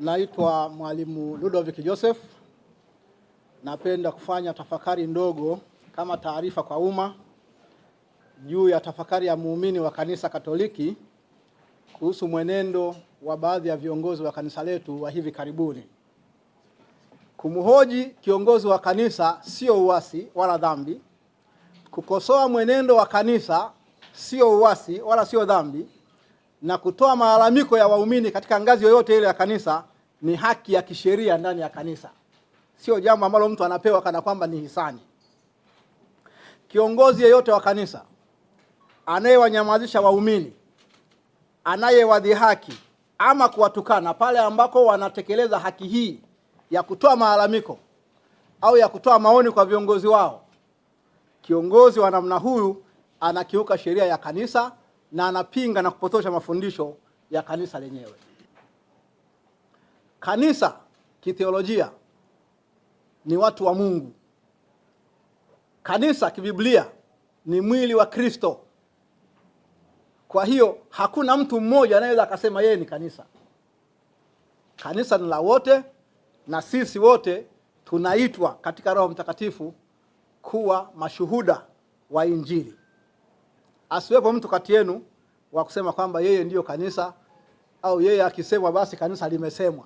Naitwa Mwalimu Ludovick Joseph. Napenda kufanya tafakari ndogo kama taarifa kwa umma juu ya tafakari ya muumini wa Kanisa Katoliki kuhusu mwenendo wa baadhi ya viongozi wa kanisa letu wa hivi karibuni. Kumhoji kiongozi wa kanisa sio uasi wala dhambi. Kukosoa mwenendo wa kanisa sio uasi wala sio dhambi na kutoa malalamiko ya waumini katika ngazi yoyote ile ya kanisa ni haki ya kisheria ndani ya kanisa, sio jambo ambalo mtu anapewa kana kwamba ni hisani. Kiongozi yeyote wa kanisa anayewanyamazisha waumini, anayewadhihaki ama kuwatukana pale ambako wanatekeleza haki hii ya kutoa malalamiko au ya kutoa maoni kwa viongozi wao, kiongozi wa namna huyu anakiuka sheria ya kanisa na anapinga na kupotosha mafundisho ya kanisa lenyewe. Kanisa kitheolojia ni watu wa Mungu. Kanisa kibiblia ni mwili wa Kristo. Kwa hiyo hakuna mtu mmoja anayeweza akasema yeye ni kanisa. Kanisa ni la wote, na sisi wote tunaitwa katika Roho Mtakatifu kuwa mashuhuda wa Injili asiwepo mtu kati yenu wa kusema kwamba yeye ndiyo kanisa au yeye akisemwa basi kanisa limesemwa.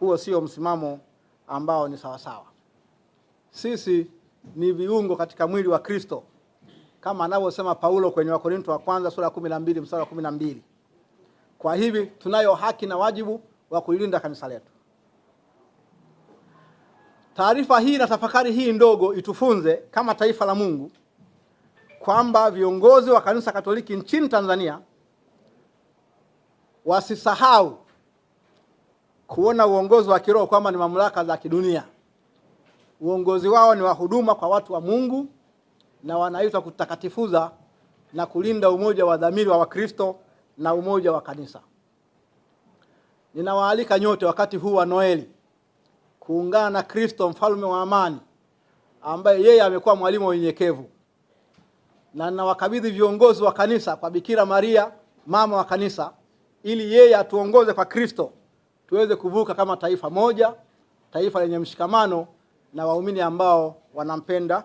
Huo sio msimamo ambao ni sawasawa. Sisi ni viungo katika mwili wa Kristo kama anavyosema Paulo kwenye Wakorinto wa kwanza sura ya kumi na mbili mstari wa kumi na mbili. Kwa hivi tunayo haki na wajibu wa kuilinda kanisa letu. Taarifa hii na tafakari hii ndogo itufunze kama taifa la Mungu kwamba viongozi wa kanisa Katoliki nchini Tanzania wasisahau kuona uongozi wa kiroho kwamba ni mamlaka za kidunia. Uongozi wao ni wa huduma kwa watu wa Mungu na wanaitwa kutakatifuza na kulinda umoja wa dhamiri wa Wakristo na umoja wa kanisa. Ninawaalika nyote wakati huu wa Noeli kuungana na Kristo mfalme wa amani ambaye yeye amekuwa mwalimu wa unyenyekevu na ninawakabidhi viongozi wa kanisa kwa Bikira Maria mama wa kanisa, ili yeye atuongoze kwa Kristo tuweze kuvuka kama taifa moja, taifa lenye mshikamano na waumini ambao wanampenda